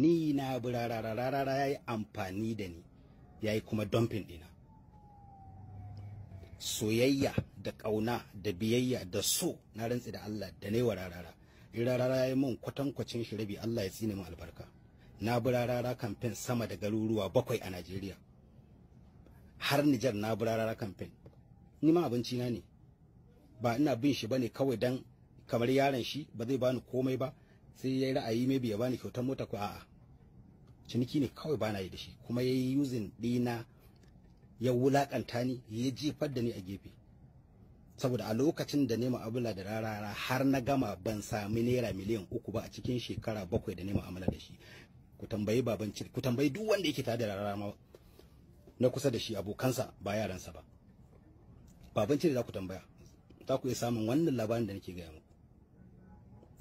ni na burararararara ya yi amfani da ni yayi kuma dumping dina soyayya da kauna da biyayya da so na rantsi da Allah da ne wa rarara ya yi min kwatankwacin shi rabi Allah ya tsine min albarka na bi kamfen sama da garuruwa bakwai a Najeriya har Nijar na bi kamfen ni ma abinci na ne ba ina bin shi bane kawai dan kamar yaron shi ba zai bani komai ba sai yayi ra'ayi maybe ya bani kyautar mota ko a'a ciniki ne kawai ba na yi da shi kuma ya yi yuzin ɗina ya wulaƙanta ni ya jefar da ni a gefe saboda a lokacin da nema abula da rarara har na gama ban sami naira miliyan uku ba a cikin shekara bakwai da nema amala da shi ku tambayi baban ku tambayi duk wanda yake tare da rarara ma na kusa da shi abokansa ba yaransa ba baban cire za ku tambaya za ku iya samun wannan labarin da nake gaya muku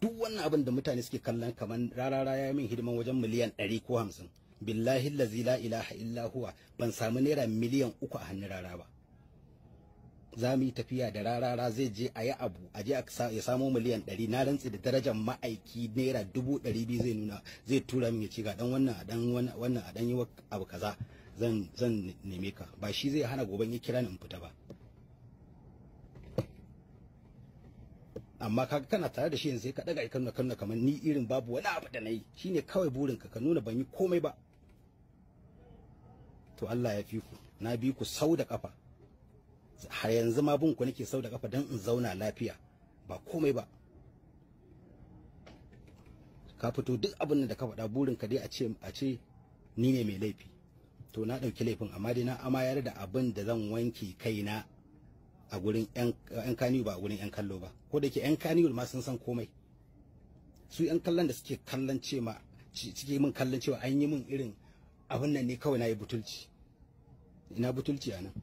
duk wannan abin da mutane suke kallon kamar rarara ya min hidiman wajen miliyan ɗari ko hamsin billahi lazi la ilaha illa huwa ban samu naira miliyan uku a hannun rara ba za mu yi tafiya da rarara zai je a yi abu a je ya samo miliyan ɗari na rantsi da darajar ma'aiki naira dubu ɗari biyu zai nuna zai tura min ya ce ga dan wannan a dan wannan a dan yi abu kaza zan zan neme ka ba shi zai hana goben ya kira in fita ba amma kaga kana tare da shi yanzu sai ka daga ikan kanna kamar ni irin babu wani abu da nayi shine kawai burin ka nuna ban yi komai ba to Allah ya fi ku na bi ku sau da kafa har yanzu ma bin nake sau da kafa dan in zauna lafiya ba komai ba ka fito duk abin da ka faɗa burin ka dai a ce a ce ni ne mai laifi to na ɗauki laifin amma dai na amayar da abin da zan wanke kaina a gurin yan kaniyu ba a gurin yan kallo ba ko da yake yan kaniyu ma sun san komai su yan kallon da suke kallon ce ma min kallon cewa an yi min irin abin nan ne kawai na yi butulci ina butulci a nan